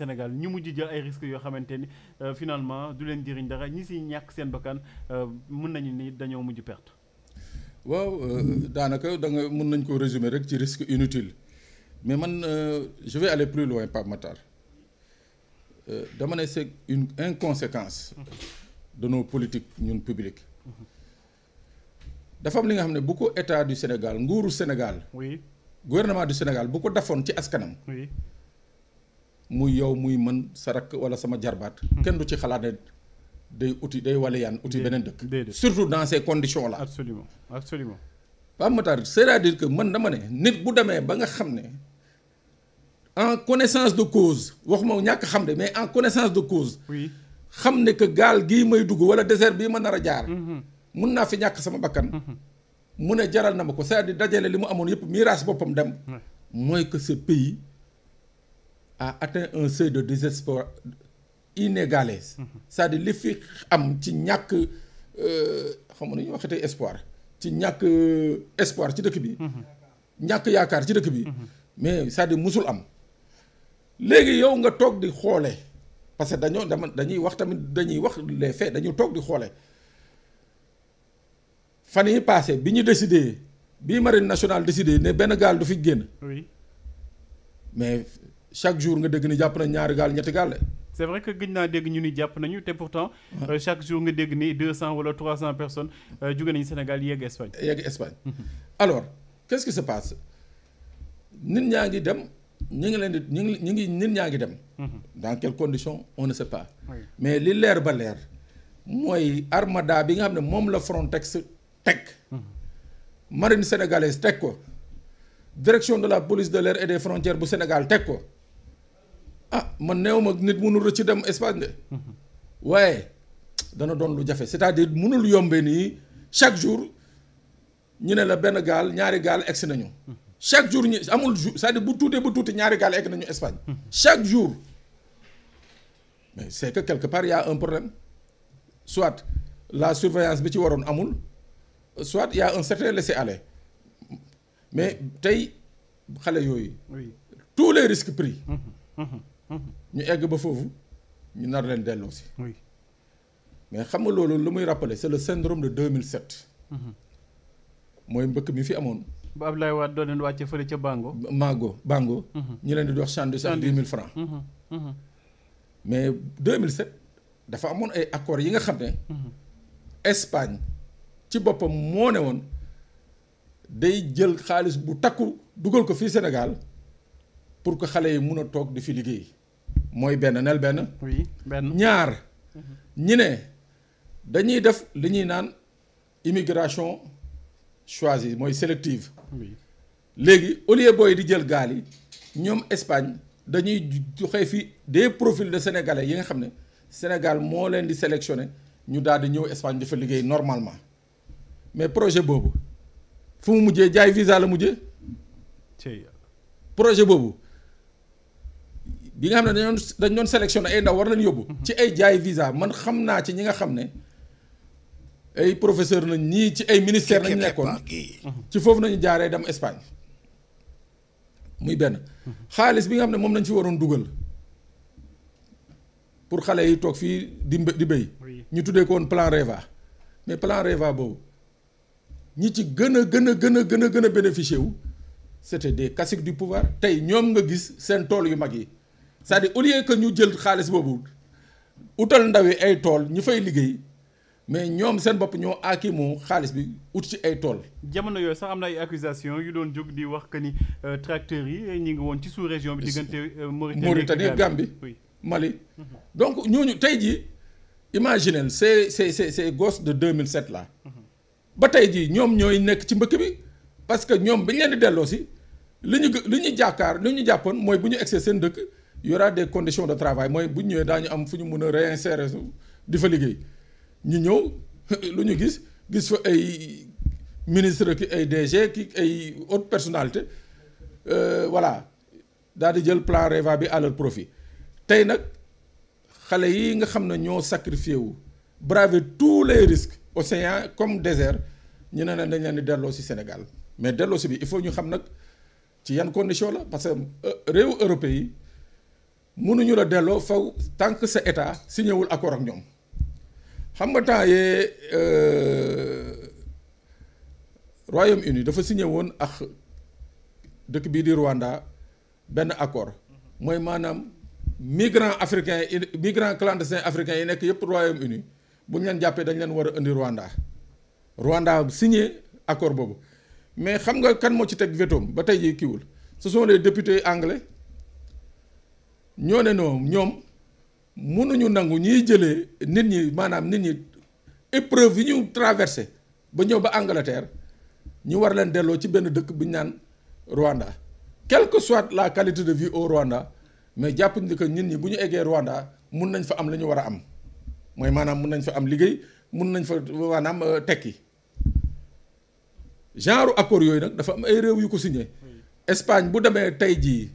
Sénégal ñu mujj jël ay risques yoo xamante ni euh, finalement du leen jëriñ dara ñi siy ñàkk seen bakkan euh, mën nañu ni dañoo mujj perte. waaw euh, daanaka da mun nañ ko résumer rek ci risque inutile mais man je vais aller plus loin Pape Matar dama ne c'est une inconséquence de nos politiques ñun publiques dafa am li nga xam ne bu ko état du Sénégal nguuru Sénégal. oui gouvernement du Sénégal bu ko defoon ci askanam. muy yow muy man sa rakk wala sama jarbaat. Hmm. kenn du ci xalaat ne day uti day waleyaan uti beneen dëkk. surtout dans ces conditions la absolument absolument. Pape Matar c'est-à-dire que man ma ne nit bu demee ba nga xam ne en connaissance de cause waxuma ñàkk xam ne mais en connaissance de cause. oui xam ne que gaal gi may dugg wala désert bii ma nar a jaar. Hmm, hmm. mun naa fi ñàkk sama bakkan. mu ne jaral na ma ko cest à dajale li mu amoon yëpp miraas boppam dem. mooy que ce pays. a atteint un seuil de désespoir inégalé c'est-à-dire li fi am ci ñàkk euh, xam nga nu ñuy waxatee espoir ci ñàkk euh, espoir ci dëkk bi ñàkk yaakaar ci dëkk bi mais cest à musul am léegi yow nga toog di xoole parce que dañoo dama dañuy wax tamit dañuy wax les faits dañu toog di xoole fan yi passé bi ñu décidé bi marine nationale décidé ne benn gaal du fi génn mais chaque jour nga dégg ni jàpp nañ ñaari gaal ñetti gaal de. c'est vrai que gëj naa dégg ñu ni jàpp nañu te pourtant. Euh, chaque jour nga dégg ni 200 wala 300 personnes euh, jóge nañu Sénégal yegg Espagne. yegg Espagne mhm. alors qu'est-ce qui se passe nit ñaa ngi dem ñu ngi leen di ñu ngi ñu ngi nit ñaa ngi dem. Mhm. dans quelles conditions on ne sait pas. mais li leer ba leer mooy armada bi nga xam ne moom la Frontex teg. Mhm. marine sénégalaise teg ko. direction de la police de l'air et des frontières bu Sénégal teg ko. ah man néew ma nit mënul rëcc dem Espagne de waaye dana doon lu jafe c'est-à-dire mënul yombe nii chaque jour ñu ne la benn gaal ñaari gaal egsi nañu chaque jour ñu amul jour c'est-à-dire bu tuutee bu tuuti ñaari gaal egg nañu Espagne chaque jour mais c'est que quelque part il y problème soit la surveillance bi ci waroon amul soit il y a un certain laisser-aller mais tey xale yooyu tous les risques pris ñu egg ba foofu ñu nar leen delloo mais xam nga loolu lu muy rappeler c'est le syndrome de 2007. Mhm. mooy mbëkk mi fi amoon. ba Abdoulaye Wade doon leen wàcce fële ca Bango. Mago Bango. Mhm. ñu leen di dox sandwich ak 10 000 francs. Mhm. mais 2007 dafa amoon ay accords yi nga xam ne. Espagne ci boppam moo ne woon day jël xaalis bu takku dugal ko fii Sénégal pour que xale yi mun a toog di fi liggéey. mooy benn nel benn. oui benn ñaar. Mhm. ñi ne dañuy def li ñuy naan immigration choisie mooy sélective. oui léegi au lieu booy di jël gaal yi ñoom Espagne dañuy joxe fi des profils de sénégalais yi nga xam ne Sénégal moo leen di sélectionné ñu daal di ñëw Espagne dafa liggéey normalement mais projet boobu fu mu mujjee jaay visa la mujjee. projet boobu. bi nga xam ne dañoon dañ doon sélectionné ay ndaw war nañ yóbbu ci ay jaay visa man xam naa ci ñi nga xam ne ay professeur nañ ñii ci ay ministère nañ nekkoon ci foofu nañu jaaree dem Espagne muy benn xaalis bi nga xam ne moom nañ fi waroon dugal pour xale yi toog fii di di béy ñu tuddee ko woon plan REVA mais plan REVA boobu ñi ci gën a gën a gën a gën a gën a bénéficié wu c'était des caciques du pouvoir tey ñoom nga gis seen tool yu mag yi c'est-à-dire au lieu que ñu jël xaalis boobu utal ndaw yi ay tool ñu fay liggéey mais ñoom seen bopp ñoo aaki moom xaalis bi ut ci ay tool. jamono yooyu sax am na ay accusations yu doon jóg di wax que ni euh, tracteurs yi ñu ngi woon ci sous région bi. diggante euh, Mauritanie Gambie oui Mali. Mhm. donc ñooñu tey jii imaginez ces ces ces ces gosses de 2007 la mhm. ba tey jii ñoom ñooy nekk ci mbëkk bi parce que ñoom bi ñu leen di delloo si li ñu gë li ñu jàkkaar li ñu jàppoon mooy bu ñu egsee seen dëkk. y aura des conditions de travail mooy bu ñu daañu am fu ñu mën a réinsérer di fa liggéey ñu ñëw lu ñu gis gis fa ay ministre ki ay DG ki ay haute personnalité euh, voilà daal di jël plan REVA bi à leur profit tey nag xale yi nga xam ne ñoo sacrifié wu braver tous les risques océan comme désert ñu ne dañ leen di delloo si Sénégal mais delloo si bi il faut ñu xam nag ci yan condition la parce que euh, réew européen yi mënuñu la delloo faw tant que sa état signé wul accord ak ñoom xam nga temps yee euh, Royaume-Uni dafa signé woon ak dëkk bii di Rwanda benn accord mooy maanaam migrants africains yi migrants clandestins africains yi nekk yëpp Royaume-Uni bu ñu leen jàppee dañ leen war a indi Rwanda Rwanda signé accord boobu mais xam nga kan moo ci teg vetoom ba tey jii kiiwul ce sont les députés anglais. ñoo ne non ñoom mënuñu nangu ñiy jëlee nit ñi maanaam nit ñi épreuve yi ñu traversé ba ñëw ba Angleterre ñu war leen delloo ci benn dëkk bu ñu naan Rwanda quelque que soit la qualité de vie au Rwanda mais jàpp ni que nit ñi bu ñu eggee Rwanda mun nañ fa am la ñu war a am mooy maanaam mun nañ fa am liggéey mun nañ fa maanaam euh, tekki genre accord yooyu nag dafa am ay réew yu ko signé Espagne bu demee tey jii.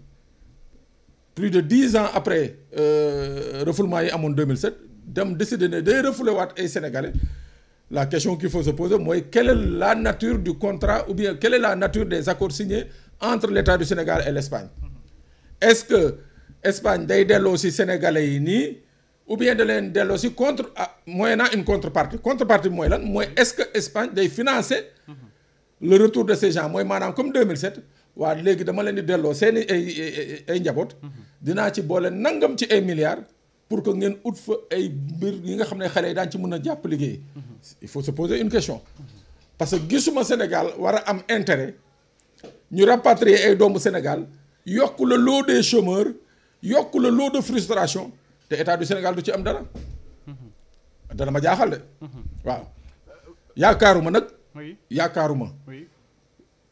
plus de dix ans après euh, refoulement yi amoon 2007 dem décider ne day refoulé waat ay sénégalais la question qu'il faut se poser mooy quelle la nature du contrat ou bien quelle la nature des accords signés entre l'État du Sénégal et l'Espagne ce que Espagne day delloo si sénégalais yi nii ou bien da leen delloo si contre ah moyennant une contrepartie contrepartie bi mooy lan mooy est-ce que Espagne day financer le retour de ces gens mooy maanaam comme waa léegi dama leen di delloo seen ay ay njaboot. Mhm. dinaa ci boole nangam ci ay milliards. pour que ngeen ut fa ay mbir yi nga xam ne xale yi daan ci mën a jàpp liggéey. Mhm. il faut se poser une question. parce que gisuma Sénégal war am intérêt ñu rapatrier ay doomu Sénégal yokk le lot des chômeurs yokk le lot de frustration te état du Sénégal du ci am dara. Mhm. dana ma jaaxal de. waaw yaakaaruma nag. yaakaaruma.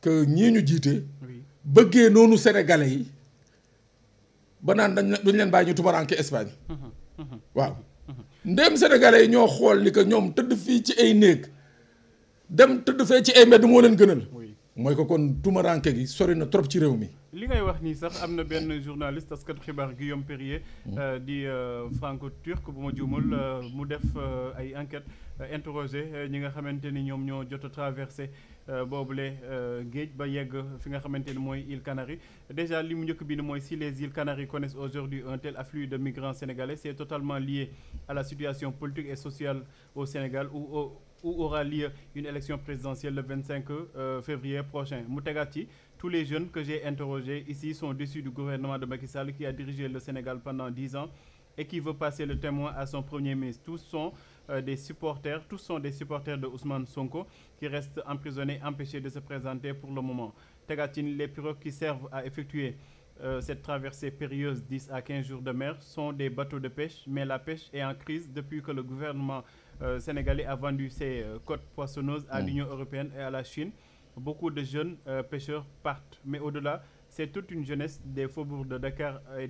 que ñii ñu jiite bëggee noonu sénégalais yi ba naan dañ dañ leen bàyyi ñu tumaranke Espagne mhm. Mhm. waaw mhm. ndéem sénégalais yi ñoo xool ni que ñoom tëdd fii ci ay néeg dem tëdd fee ci ay mbedd moo leen gënal mooy ko kon tumaranke gi sori na trop ci réew mi li ngay wax nii sax am na benn journaliste taskatu xibaar Guillaume Perrier mm. euh, di euh, franco-turc bu ma juumal euh, mu def ay enquête interrogé ñi nga xamante ni ñoom ñoo jot a traversé Euh, boobule euh, géej ba yegg fi nga xamante ni mooy îles Canaries déjà li mu njëkk bi ni mooy si les îles Canaries connaissent aujourd'hui de migrants sénégalais c'est totalement lié à la situation au Sénégal où au où aura lieu le 25 euh, février prochain mu ci tous les jeunes que j'ai interrogés ici sont déçus du gouvernement de Macky Sall qui a dirigé le et qui veut passer le témoin à son premier ministre. Tous sont euh, des supporters, tous sont des supporters de Ousmane Sonko qui restent emprisonnés, empêchés de se présenter pour le moment. Tegatine, les pirogues qui servent à effectuer euh, cette traversée périlleuse 10 à 15 jours de mer sont des bateaux de pêche, mais la pêche est en crise depuis que le gouvernement euh, sénégalais a vendu ses euh, côtes poissonneuses à mmh. l'Union européenne et à la Chine. Beaucoup de jeunes euh, pêcheurs partent, mais au-delà, c'est toute des faubourgs de Dakar et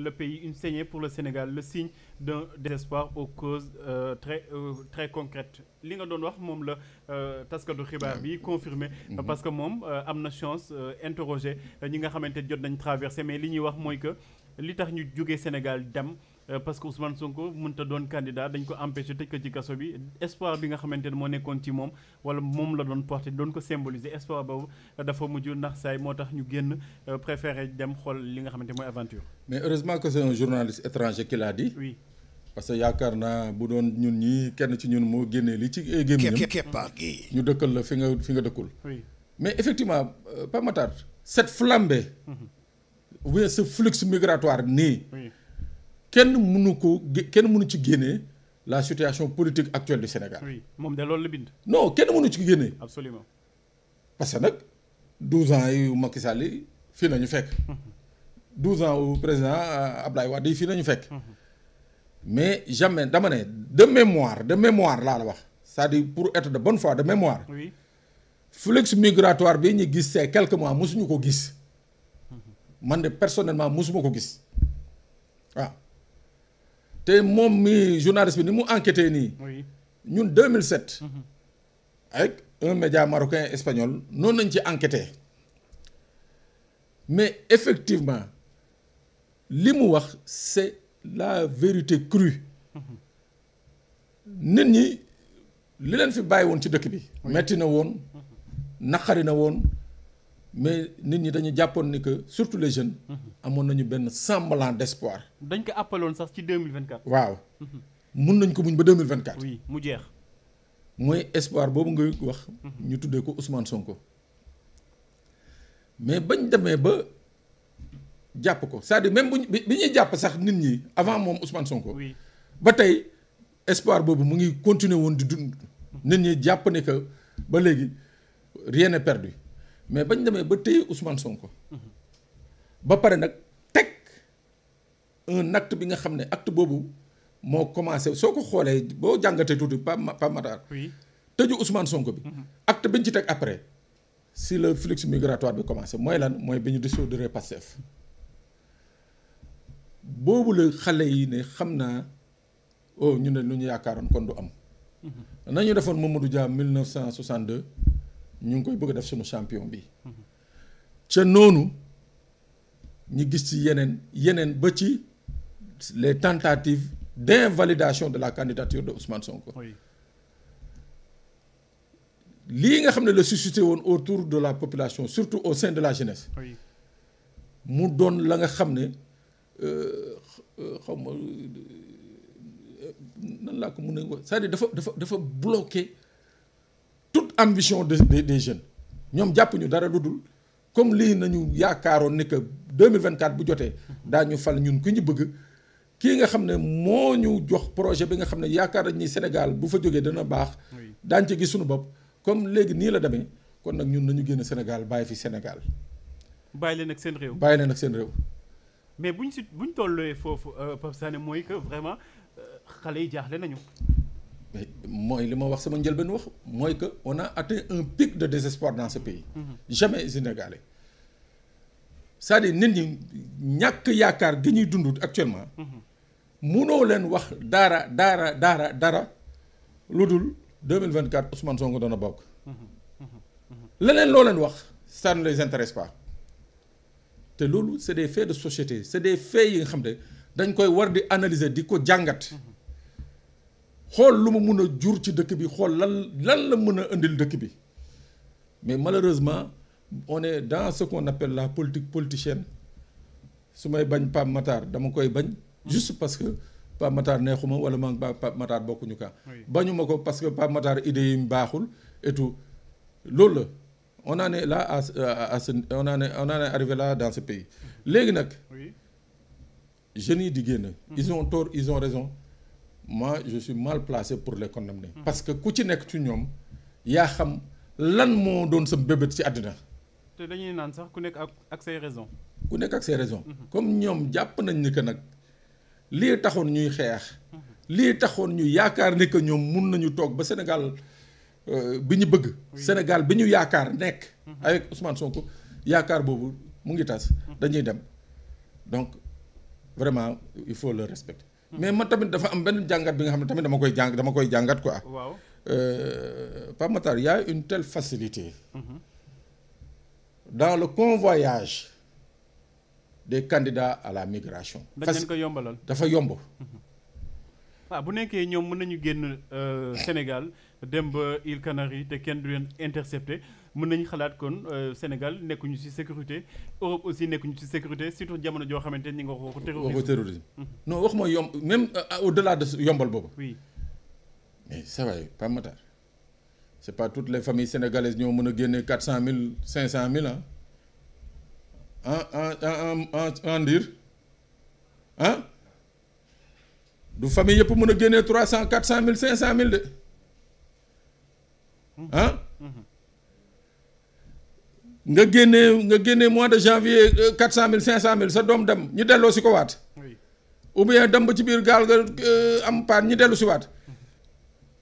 le pays, une saignée pour le Sénégal, le signe d'un désespoir aux causes euh, très euh, très concrètes li nga doon wax moom la euh, taskatu xibaar bi confirmé mhm. parce que moom euh, am na chance interroger ñi nga xamante jot nañ traversé mais li ñuy wax mooy que li tax ñu jóge Sénégal dem Euh, parce que Ousmane Sonko mënta doon candidat dañ ko empêché tëj ko ci kaso bi espoir bi nga xamante ne moo nekkoon ci moom wala moom la doon porté doon ko symboliser espoir boobu euh, dafa mujj ndax saay moo tax ñu génn euh, préféré dem xool li nga xamante mooy aventure. mais heureusement que c'est un journaliste étranger qui l'a dit. parce que yaakaar naa bu doon ñun ñii kenn ci ñun moo génnee li ci eh, gémmiñam ñu dëkkal la fi nga fi nga dëkkul. mais effectivement Pape Matar kenn mënu ko kenn mënu ci génnee la situation politique actuelle du Sénégal. oui moom de loolu la bind. non kenn mënu ci génnee. absolument parce que nag 12 ans yu Macky Sall yi fii nañu fekk. 12 mhm. ans wu président euh, Ablaye Wade yi fii nañu fekk. Mhm. mais jamais dama ne de mémoire de mémoire laa la wax c'est-à-dire pour être de bonne foi de mémoire. oui flux migratoire bi ñu gis c'est quelque mois mosuñu ko gis. Mhm. man de personnellement mosuma ko gis te moom mi journaliste bi ni mu enquêté nii. ñun mille 2007. Mhm. avec un média marocain espagnol noonu nañ ci enquêté mais effectivement li mu wax c'est la vérité crue. Mhm. nit ñi li leen fi bàyyi woon ci dëkk bi. metti na woon mhm. naqari na woon. mais nit ñi dañu jàppoon ni que surtout les jeunes. Mhm. amoon nañu benn semblant d'espoir. dañ ko appaloon sax ci 2024. waaw mhm. mun nañ ko muñ ba 2024. oui mu jeex. mooy espoir boobu ngay wax. Mhm. ñu tuddee ko Ousmane Sonko. mais bañ demee ba jàpp ko c'est-à-dire même bu bi ñuy jàpp sax nit ñi avant moom Ousmane Sonko. oui ba tey espoir boobu mu ngi continuer woon di dund. nit ñi jàpp ne que ba léegi rien n'est perdu. mais bañ demee ba téye Ousmane Sonko. ba pare nag teg un acte bi nga xam ne acte boobu moo commencé soo ko xoolee boo jàngatee tuuti Pa Pa Matar. oui tëju Ousmane Sonko bi. Mhm. act bi ñu ci teg après si le flux migratoire bi commencé mooy lan mooy bi ñu dissoudre Pastef boobu la xale yi ne xam naa o oh, ñu ne lu ñu yaakaaroon kon du am. Mhm. nañu defoon Mamadou Dia 1962. ñu ngi koy bëgg def sunu champion bi ca noonu ñu gis ci yeneen yeneen ba ci les tentatives validation de la candidature de Ousmane Sonko. lii nga xam ne la suscité woon autour de la population surtout au sein de la jeunesse. mu doon la nga xam ne euh, xaw ma euh, nan laa ko mun a wax cest dafa dafa dafa bloqué. ambition de des jeunes ñoom jàpp ñu dara lu dul comme lii nañu yaakaaroon ne que 2024 bu jotee daañu fal ñun ku ñu bëgg kii nga xam ne moo ñu jox projet bi nga xam ne yaakaar nañ ni Sénégal bu fa jógee dana baax daañ ci gis suñu bopp comme léegi nii la demee kon nag ñun nañu génn Sénégal bàyyi fi Sénégal bàyyi leen ak seen réew bàyyi leen ak seen réew mais buñ si buñ tollee foofu euh, Pape Sané mooy que vraiment euh, xale yi jaaxle nañu mais mooy li ma wax sama njëlbeen wax mooy que on a atteint un pic de désespoir dans ce pays. Mmh. jamais sénégalais cest à nit ñi ñàkk yaakaar gi ñuy dund actuellement. munoo mm-hmm. leen wax dara dara dara dara lu dul 2024 Ousmane doon a bokk. Mm-hmm. Mm-hmm. leneen loo leen wax ça ne les intéresse te loolu c'est des faits de société c'est des faits yi nga xam ne dañ koy war di analyser di ko jàngat. xool lu ma mun a jur ci dëkk bi xool lan lan la mën a indil dëkk bi mais malheureusement on est dans ce qu'on appelle la politique politicienne su may bañ Pape Matar dama koy bañ. juste parce que Pape Matar neexuma wala ma Pape Matar bokkuñu kaa. bañuma ko parce que Pape Matar idée yi mu baaxul et loolu la on en est là à à on en est on arrivé là dans ce pays. léegi nag. jeunes yi di génn. Mm-hmm. ils ont tort ils ont raison. moi je suis mal placé pour les condamner mm-hmm. parce que ku ci nekk ci ñoom yaa xam lan moo doon sa bébét ci àddina te dañuy naan sax ku nekk ak ak say raisons. ku nekk ak say raisons. Mm-hmm. comme ñoom jàpp nañ ni que nag lii taxoon ñuy xeex. Mm-hmm. lii taxoon ñu yaakaar ni que ñoom mun nañu toog ba Sénégal euh, bi ñu bëgg. Sénégal bi ñu yaakaar nekk. avec Ousmane Sonko yaakaar boobu mu ngi tas. dañuy dem donc vraiment il faut le respecte mais ma tamit dafa am benn jàngat bi nga xam ne tamit dama koy jàng dama koy jàngat quoi. waaw euh, Pape Matar une telle facilité. Mhm. dans le convoyage des candidats à la migration. dañ leen ko yombalal dafa yomb. waaw mhm. ah, bu nekkee ñoom mën nañu génn euh, Sénégal. dem ba Îles Canaries te kenn du leen intercepté mën nañ xalaat kon euh, Sénégal nekkuñu ci sécurité Europe aussi nekkuñu ci sécurité surtout jamono joo xamante ni nga wax ko terrorisme waxu terrorisme non wax mooy yomb même euh, euh, au delà de yombal boobu oui mais ça va pas matar c'est pas toutes les familles sénégalaises ñoo mën a génne quatre cent mille cinq cent mille ah en en en en dire ah du famille yëpp mën a génne trois cent quatre cent mille cinq cent mille de ah nga génnee nga génnee mois de janvier euh, quatre cent mille cinq cent mille sa doom dem ñu delloo si ko waat ou dem ba ci biir gaal nga euh, am paan ñu dellu si waat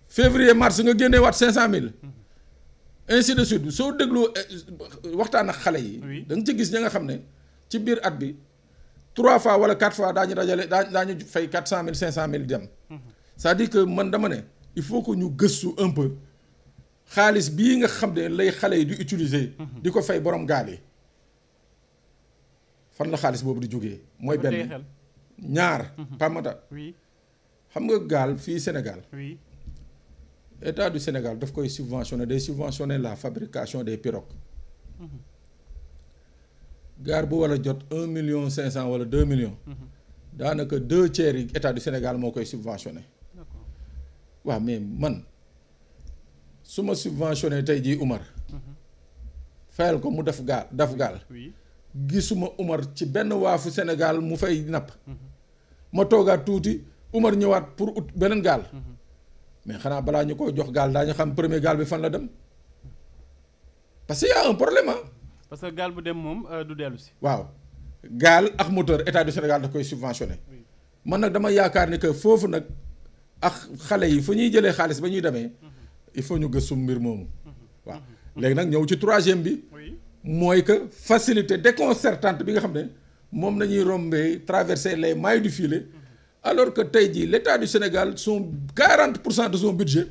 février mars nga génnee waat cinq cent mille ainsi de suite soo déglu euh, waxtaan ak xale yi da nga ci gis ña nga xam ne ci biir at bi trois fois wala quatre fois daañu rajale daa daañu fay quatre cent mille cinq cent mille dem mhm. c'est-à-dire que man dama ne il faut que ñu gëstu un peu xaalis bii nga xam ne lay xale yi di utiliser. di ko fay borom gaal yi fan la xaalis boobu di jógee. mooy benn ñaar. Mhm. pamata xam nga gaal fii Sénégal. oui état du Sénégal daf koy subventionné day subventionné la fabrication des pirogues. Mhm. gaar bu war a jot un million cinq cent wala deux million mhm. daanaka deux tiers yi état du Sénégal moo koy subventionné. waaw mais man. su ma subventionné tey jii Umar fayal ko mu def gaal daf gaal gisuma Umar ci benn waafu Sénégal mu fay napp ma toogaat tuuti Umar ñëwaat pour ut beneen gaal mais xanaa balaa ñu ko jox gaal daañu xam premier gaal bi fan la dem parce que y problèment un que gaal bu dem moom euh, du dellu si. waaw gaal ak moteur état du Sénégal da koy subventionné man nag dama yaakaar ni que foofu nag ak xale yi fu ñuy jëlee xaalis ba ñuy demee. il faut ñu gëstu mbir moomu. Mm-hmm. waaw mm-hmm. léegi nag ñëw ci troisième bi. mooy que facilité déconcertante bi nga xam ne moom la ñuy rombee traverser les mailles du file mm-hmm. alors que tey jii l' état du Sénégal son quarante pour cent de son budget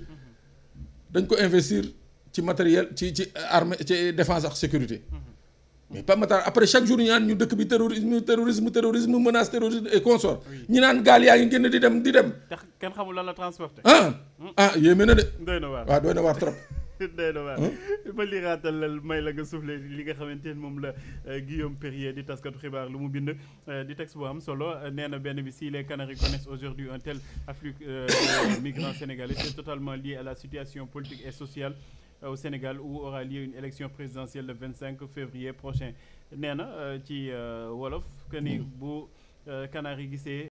dañ ko investir ci matériel ci ci armée ci défense ak sécurité. mais Pape Matar après chaque jour ñu naan ñu dëkk bi terrorisme terrorisme terrorisme menace terrorisme et consort ñi naan gaal yaa ngi génn di dem di dem. tax kenn xamul lan la transporté. ah ah na de. doy na waar waaw doy na waar trop. day na waa ma liiraatal la may la nga soufflé li nga xamante ne moom la euh, Guillaume Perrier di taskatu xibaar lu mu bind euh, di texte bu am solo euh, nee na benn bi si les Canaries connaissent aujourd'hui un tel afflux de migrants sénégalais c'est totalement la situation politique et sociale au Sénégal où aura lieu une élection présidentielle le 25 février prochain nee na euh, ci euh, wolof que ni mm. bu euh, Canaris gisee